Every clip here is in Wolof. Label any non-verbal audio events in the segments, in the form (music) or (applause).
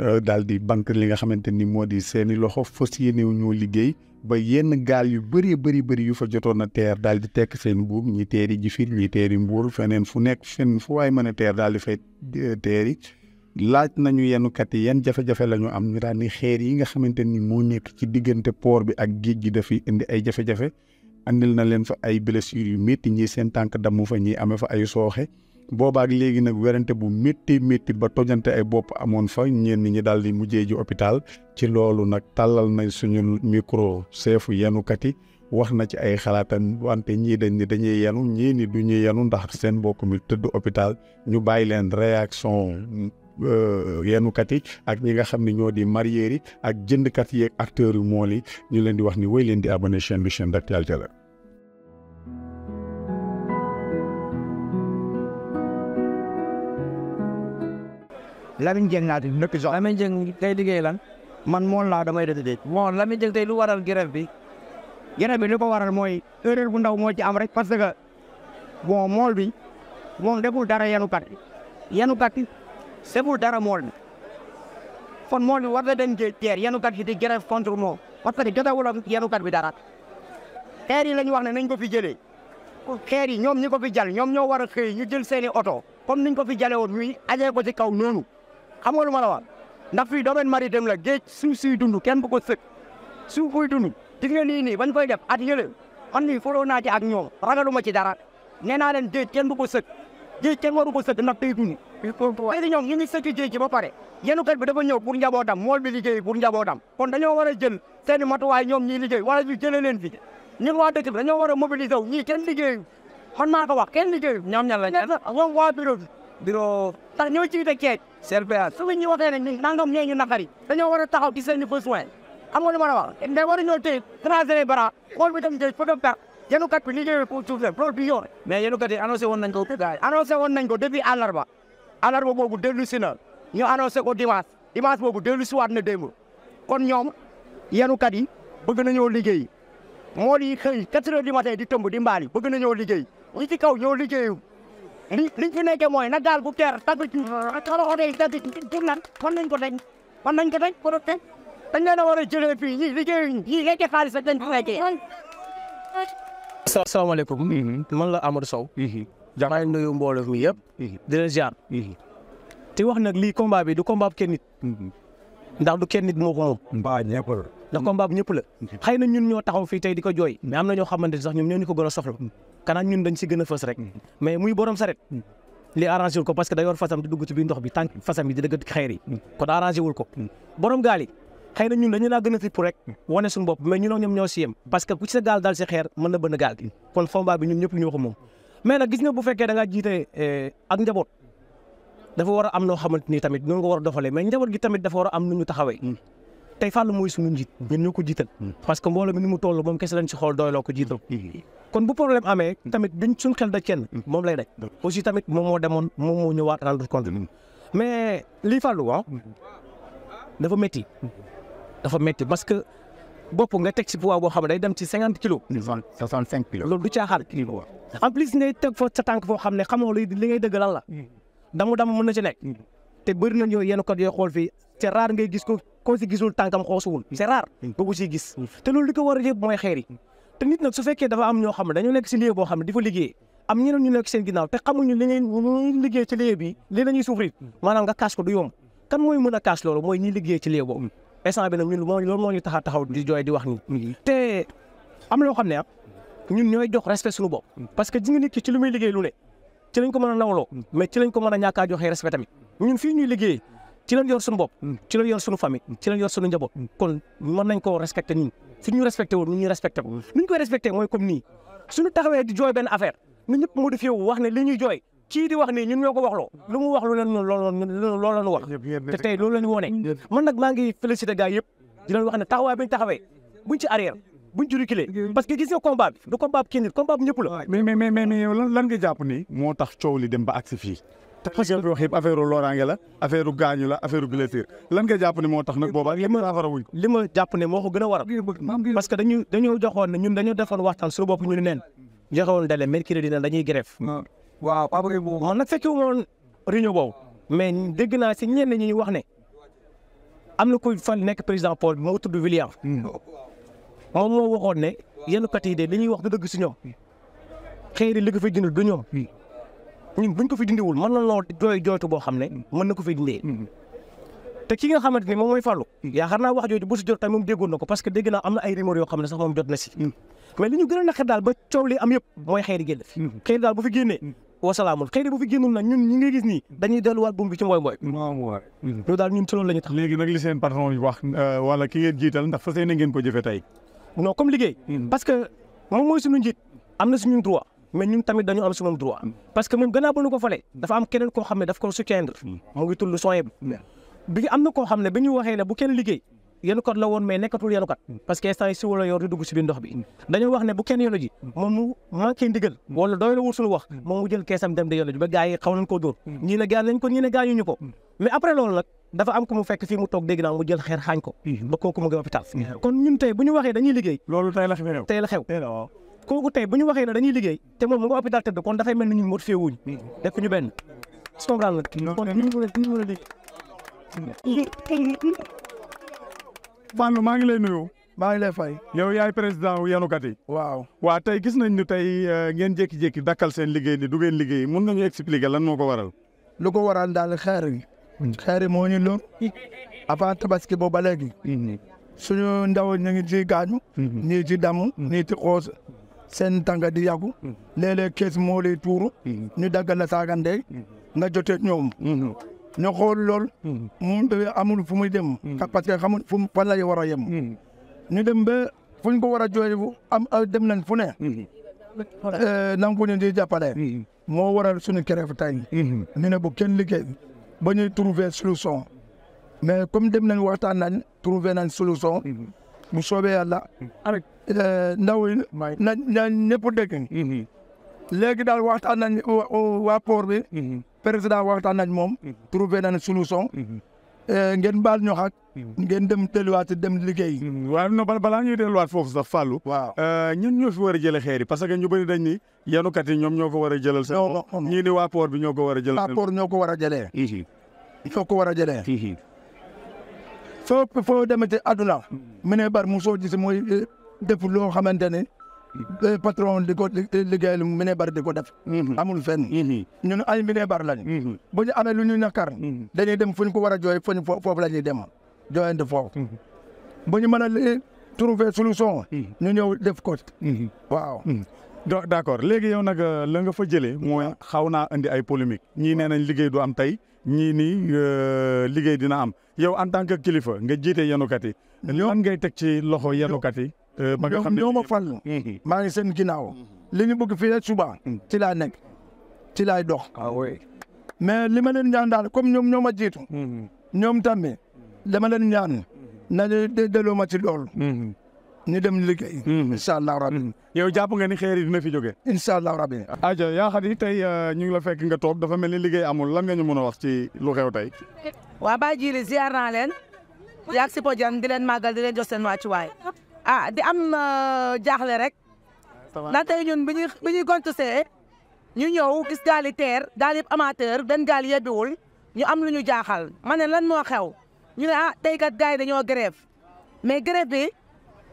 Euh, daal di banque li nga xamante ni moo di seeni loxo fas yéene ñoo liggéey ba yenn gaal yu bëri bëri bëri yu fa jotoon a teer daal di tekk seen buum ñi teeri jifir ñi teeri mbuur feneen fu nekk fenn fu waay mën a teer daal di fay euh, teeri laaj nañu yenn kat yi yan jafe-jafe la am ñu daal xeer yi nga xamante ni moo nekk ci diggante poor bi ak géej gi dafi indi ay jafe-jafe andil na leen fa ay blessures yu métti ñii seen tànk damm fa ñii amee fa ay sooxe boobaak léegi nag werante bu métti métti ba tojante ay bopp amoon fa ñenn ñi daal di mujjee ji hôpital ci loolu nag tàllal nañ suñu micro seefu yenukat yi wax na ci ay xalaatam wante ñii dañ ni dañuy yenu ñii ni du ñuy yenu ndax seen mbokk mi tëdd hôpital ñu bàyyi leen réaction euh, yenukat yi ak ñi nga xam ni ñoo di mareyeurs yi ak jëndkat yi ak acteurs yu mool yi ñu leen di wax ni woy leen di abonné chaîne bi chaîne d'actualité la Lamine Dieng laa tudd nëkk Joal. Lamine Dieng tey liggéey lan. man mool laa damay rëdd. bon Lamine Dieng tey lu waral grève bi. grève bi lu ko waral mooy erreur bu ndaw moo ci am rek parce que bon mool bi moom deful dara yanukat yanukat deful dara mool bi kon mool bi war na dem teer yanukat yi di grève contre moom parce que jotawul ak yanukat bi dara. xeer yi la ñu wax ne nañ ko fi jëlee xeer yi ñoom ñi ko fi jal ñoom ñoo war a ñu jël seeni oto comme niñ ko fi jale woon ñuy ajee ko ci kaw noonu xam nga lu ma la wax ndax fii domaine maritime la géej suuf suy dund kenn bu ko sëkk suuf buy dund gis nga nii nii bañ koy def at yële man nii foroo naa ci ak ñoom ragaluma ci dara nee naa leen géej kenn bu ko sëkk géej ken waru ko sëkk ndax day dund léegi ñoom ñu ngi sëkk géej gi ba pare yenukat bi dafa ñëw pour njabootam mool bi liggéey pour njabootam kon dañoo war a jël seen matuwaay ñoom ñiy liggéey wala ñu jëlee leen fi ñun waa dëkk bi dañoo war a mobiliser wu ñii kenn liggéeyu xon naa ko wax kenn liggéeyu ñoom ñan la ñoom waa bureau bureau. ndax ñoo ciy de keej. CRPH su ñu waxee nangam ñee ñu naqari dañoo war a taxaw ci seen besoin am nga lu ma la wax mais waruñoo téye transféré bara xool bi dem jël photo per yenukat bi liggéey pour suuf leen loolu du yoon. mais yenukat yi annoncé woon nañ ko. annoncé woon nañ ko depuis boobu dellu si na ñu annoncé ko dimanche dimanche boobu dellu si waat na démb kon ñoom yenukat yi bëgg nañoo liggéey mool yi xëy quatre heures di tëmb di mbaali bëgg nañoo liggéey ci kaw ñoo liggéeyu لكن أنا ما أنا قال بكر تبي ترى هذا تبي تقولن كنن كنن كنن كنن كنن تنجا نوري جل في يجي يجي خالص تنجا يجي السلام عليكم man la Amadou Sow maa ngi nuyu mbooloo mi yëpp di leen ziar te wax nag lii combat bi du combat bu kenn nit ndax du kenn nit moo ko moom mbaa ñëpp la ndax combat bu ñëpp la xëy na ñun ñoo taxaw fii tey di ko jooy mais am na ñoo xamante ne sax ñoom ñoo ñu ko gën a soxla kanaan ñun dañ si gën a fës rek mais muy borom saret li arrangé wul ko parce que da yor fasam di dugg ci biir ndox bi tànk fasam yi di dëgg xeer yi kon arrangé wul ko borom gaal yi xëy na ñun dañu laa gën a tipp rek wane suñu bopp mais ñun ak ku ci sa gaal daal si xeer na bënn gaal kon combat bi ñun ñëpp ñoo ko moom mais gis nga bu fekkee da ngaa jiite eh, ak njaboot dafa war am noo xamante ni tamit noonu nga war a doxalee mais njaboot gi tamit dafa war a am nu ñu taxawee tey Fallou mooy suñu njiit ñun ñoo ko jiital parce que mbooloo mi mu toll moom kese lañ si xool doyloo ko jiital kon bu problème amee tamit duñ suñ xel da kenn moom lay daj aussi tamit moom moo demoon moom moo ñëwaat rendre compte mais lii Fallou waaw ah, dafa métti dafa métti parce que bopp nga teg si poids boo xam ne day dem ci cinquante kilos. soixante cinq kilos loolu du caaxaan. en plus ngay teg foofu sa tànk foo xam ne xamoo li li ngay dëgg lan la. damu damu mën na ci nekk. te bëri na ñoo yenn code yoo xool fii te rare ngay gis ko koo si gisul tànkam xoosuwul c'est rare ba ko gis te loolu li ko war a yëpp mooy xeer te nit nag su fekkee dafa am ñoo xam ne dañoo nekk si lieu boo xam ne di fa liggéey am ñeneen ñu nekk seen ginnaaw te xamuñu li ngeen liggéey ci lieu bi lii la ñuy ko du yomb mooy mën a kaas mooy ñi liggéey ci lieu boobu instant bi nag ñun moo loolu moo ñu tax di jooy di wax ni mm-hmm. te am loo xam ne ah, ñun ñooy jox respect suñu bopp mm-hmm. parce que ji nga nit ki ci lu muy liggéey lu ne ci lañ ko mën a nawloo mm-hmm. mais ci lañ ko mën a ñàkkaa joxe respect tamit ñun fii ñuy liggéey ci lañ yor suñu bopp ci lañ yor suñu famille ci lañ yor suñu njaboot kon mën nañ koo respecté ñun suñ ñu respecté woon ñu respecté ko ñu koy respecté mooy comme nii suñu taxawee di jooy benn affaire ñun ñëpp modifié wu wax ne li ñuy jooy kii di wax nii ñun ñoo lu mu wax lu leen loolu loolu wax te tey loolu leen wone man nag maa ngi félicité gars yëpp di leen wax ne taxawaay bi ñu taxawee buñ ci arrière parce que gis nga combat bi du combat bi kenn nit combat lan lan nga ni moo tax coow dem ba agsi tax ngeen wax yëpp affaire loraange la affaire gaañu la affaire blessure lan nga jàpp ne moo tax nag boobaa li ma saafara moo ko gën a waral parce que dañu dañoo joxoon ne ñun dañoo defoon waxtaan suñu bopp ñu ne neen joxe woon dale mercredi dina dañuy grève ah, waaw moom fekke woon réunion boobu mais dégg naa si ñenn ñi wax ne am na ku fan nekk président Paul moo tudd William hmm. moom moo waxoon ne yenn kat yi de li ñuy wax du dëgg si ñoom hmm. xëy na li ko fay jëndal du ñoom hmm. ñun buñ ko fi dindiwul mën na loo jooy jooytu boo xam ne mën na ko fi mm-hmm. te ki nga xamante ni moom mooy Fallou yaakaar naa wax jooju bu si jot tamit moom déggoon na ko parce que dégg naa am na ay rumeur yoo xam ne sax moom jot na si mm-hmm. mais li gën a naqar daal ba coow li am yëpp mm-hmm. daal bu fi génnee wasalaamun xëy bu fi génnul daal ñun ci loolu tax léegi nag li seen patron euh, ndax fas yéene ngeen ko jëfee tey non comme liggéey parce que moom am na suñu droit mais ñun tamit dañu am suñu droit. parce que moom gannaaw ba nu dafa am keneen koo xam ne daf ko soutiendre. mu ngi tudd Soyebu. bi am na koo ne bi ñu waxee ne bu kenn liggéey. yenukat la woon mais nekkatul yenukat parce que instant yi si wala yor di dugg bi dañoo wax ne bu kenn yenu ji moom mu manqué ndigal wala doy la wut suñu wax moom mu jël keesam dem di yenu ba gars yi xaw nañ koo dóor ñii ko ñii ne gaañuñu ko dafa am mu fekk fii mu toog kooku tey bu ñu waxee ne dañuy liggéey te moom mu ngi hôpital tëdd kon dafay mel ni ñun motivé wuñ def ñu benn su ko gaal la kon ñu mën a ñu mën a liggéey. Bambi maa ngi lay nuyu. maa ngi lay fay. yow yaay président wu yanukat yi. waaw waa tey gis nañ ni tey euh, ngeen jékki-jékki dakkal seen liggéey ni du ngeen liggéey mun nañu expliquer lan moo waral. lu ko waral daal xeer yi. xeer yi ñu loon. avant tabaski boobu ba mhm. suñu ndaw ñu ngi ci gaañu. Mhm. ñii ci damu. Mhm. ñii ci xoos. seen tànga di yàggu mm-hmm. léeg-léeg kees moo lay tuuru mm-hmm. ñu daggal la saagandey mm-hmm. nga jotee ñoom ñu xool lool moom amul fu muy dem parce que xamul fu fan lay war a yem ñu dem ba fuñ ko war a jooy am ah, dem nañ fu nan nangu ñu di jàppale moo waral suñu grève tey ñu ne bu kenn liggéey ba ñuy trouver son mais comme dem nañ waxtaan nañ trouver nañ solution bu soobee yàlla. ak ndaw yi na na ñëpp dégg. léegi daal waxtaan nañ waa port bi. président waxtaan nañ moom. trouvé nañ solution. Eh, ngeen baal ñu xaq. ngeen dem delluwaat dem liggéey. waaw non balaa ñuy delluwaat foofu sax Fallou. waaw eh, ñun ñoo fi war a jëlee xeer yi parce que ñu bëri dañ ni yanukat yi ñoom ñoo ko war a jëlal. seen bopp ñii ni waa port bi ñoo ko war a jëlal. waa port ñoo ko war a jëlee. ñoo ko war a jëlee. foo foo demante aduna mu ne bar mosoo gis mooy eh, def loo xamante ne mm-hmm. eh, patron di ko liggéeyal mu ne bar di ko def mm-hmm. amul fenn mm-hmm. ñun ay mu ne bar lañu bu ñu amee lu ñu nakar dañuy dem fu ñu ko war a jooy fu ñu foofu la dem dem jooyante foofu bu ñu mën a eh, trouver solution ñu ñëw def ko waaw d' accord léegi yow nag euh, la fa jëlee mooy xaw naa indi ay polémique ñii nee nañ liggéey du am tey ñii nii euh, liggéey dina am yow en tant que kilifa nga jiite yenukat yi. lan ngay teg ci loxo yenukat yi. Euh, ba nga xam ne ñoo ma fal. Mhm. maa ngi seen ginnaaw. Mhm. li ñu bëgg fii rek mhm. ci laa nekk ci laay dox. Ah mais li ma leen ñaan daal comme ñoom ñoo ma jiitu. ñoom tamit dama leen ñaan. na de delloo ma ci loolu. ñu dem liggéey incha allah rabi hmm. yow jàpp nga ni xeer yi dina fi jóge incha allah rabi aja yaa xam ni tey euh, ñu ngi la fekk nga toog dafa mel ni liggéey amul lan nga ñu mën a wax ci lu xew tey waa Baye Djily ziar naa leen yaag si podium di leen màggal di leen jox seen wàccuwaay ah di am euh, jaaxle rek ndax tey ñun bi ñuy bi ñuy gontu see ñu ñëw gis gaal yi teer gaal yëpp amateur benn gaal yebbiwul ñu am lu ñu jaaxal ma ne lan moo xew ñu ne ah tey kat gars yi dañoo grève mais grève bi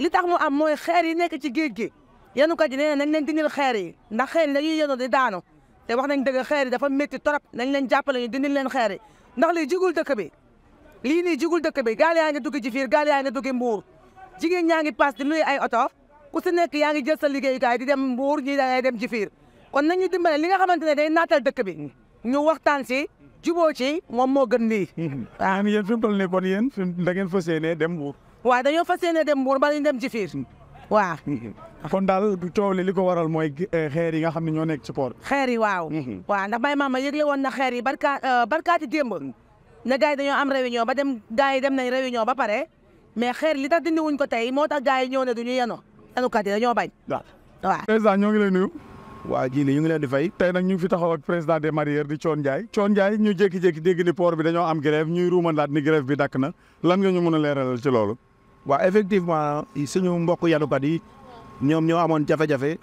li tax mu am mooy xeer yi nekk ci géej gi yenukat yi nee nañ leen dindil xeer yi ndax xeer yi dañuy yenu di daanu te wax nañ dëgg xeer yi dafa métti trop nañ leen jàppale ñu dindil leen xeer yi ndax lii jigul dëkk bi lii nii jigul dëkk bi gaal yaa ngi dugg ci gaal yaa ngi dugg mbuur jigéen ñaa ngi paas di nuyu ay oto ku si nekk yaa ngi jël sa liggéeyukaay di dem mbuur ñii da ngay dem ci fiir kon nañu dimbale li nga xamante ne day naatal dëkk bi ñu waxtaan si juboo ci moom moo gën lii. (laughs) ah yéen fi mu toll nii kon yéen da ngeen fas yéenee dem waa dañoo fas yéene dem Mbour ba ñu dem Jifir waaw. kon daal coow li li ko waral mooy eh, xeer yi nga xam ne ñoo nekk ci port. xeer yi waaw. Mhm. waaw ndax Baye Maama yëgle woon na xeer yi barka euh, barkaati démb. ne gars yi dañoo am réunion ba dem gars yi dem nañ réunion ba pare mais xeer li da dindi wuñ ko tey moo tax gars yi ñëw ne du ñu yeno enukat yi dañoo bañ. waaw waaw. président ñoo ngi lay nuyu. waa jii ñu ngi di fay. tey nag ñu ngi fi taxaw ak président des mareyeurs di Thione Ndiaye. Thione Ndiaye ñu jékki-jékki dégg ni port bi dañoo am grève ñuy ruumandaat ni grève na lan nga ñu mën a leeralal ci loolu waaw effectivement suñu mbokk yanukat yi ñoom ñoo amoon jafe-jafe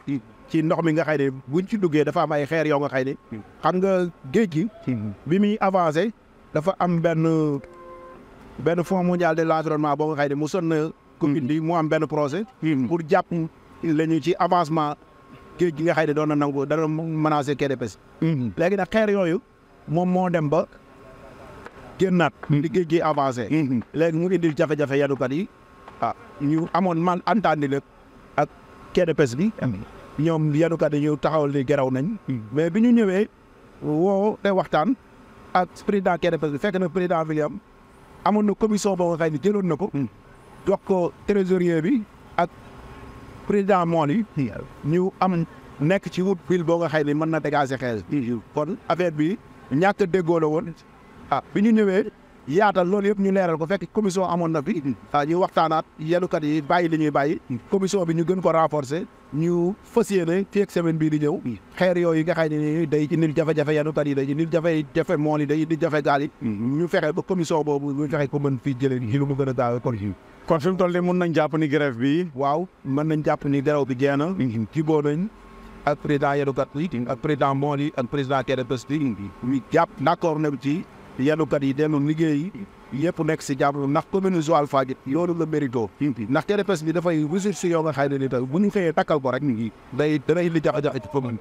ci ndox mi nga xëy ne buñ ci duggee dafa am ay xeer yoo nga xëy ne xam nga géej gi bi muy avancé dafa am benn benn fonds mondial de l'environnement boo nga xëy ne mu na commune bi mu am benn projet pour jàpp lañu ci avancement géej gi nga xëy ne doon na nangu dana menacé KDPES léegi nag xeer yooyu moom moo dem ba nat di géej gi avancé mm-hmm. léegi mu indil jafe-jafe yanukat yi ah ñu amoon man entendre la ak KDPES bi. ñoom yanukat yi ñu taxawal li geraw nañ. Hmm. mais bi ñu ñëwee woo te waxtaan ak président KDPES bi fekk na président William amoon na commission boo xam ne jëloon na ko. Hmm. jox ko bi ak président mool yi. Hmm. ñu am nekk ci wut fil boo nga xëy ni mën na dégager xel. kon affaire bi ñàkk a déggoo yaatal loolu yëpp ñu leeral ko fekk commission amoon na fi mm-hmm. ñu waxtaanaat yenukat yi bàyyi li ñuy bàyyi mm-hmm. commission bi ñu gën ko renforcer ñu fas yéene fii ak semaine bii di ñëw mm-hmm. xeer yooyu nga xam ne ni day indil jafe-jafe yenukat yi day indil jafe-jafe mool yi day indil jafe gaal yi ñu fexe ba commission boobu ñu fexe ko mën fii jëlee ci lu mu gën a gaaw kon kon fi mu toll nii mën nañ jàpp ni grève bi waaw mën nañ jàpp ni grève bi jeex na jiboo nañ ak président yenukat yi ak président mool yi ak président kerebes bi ñu jàpp d'accord na ci yanukat yi dellu liggéey yëpp nekk si jàmm ndax commune Joal-Fadiouth yoonu la mérito ndax TDPS bi dafay ressource yoo nga xay ne ni tey bu ñu xëyee takkal ko rek day danay li jax-jax ci commune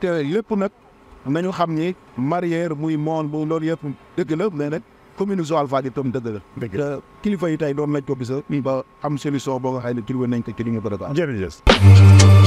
te lépp nag nañu xam ni mareyeur muy moon bu loolu yëpp dëgg la mais nag commune Joal-Fadiouth tam dëgg la te kilifa yi tey doon lañ ko bisa ba am solution boo nga xay ne trouvé nañ ko ci li ñu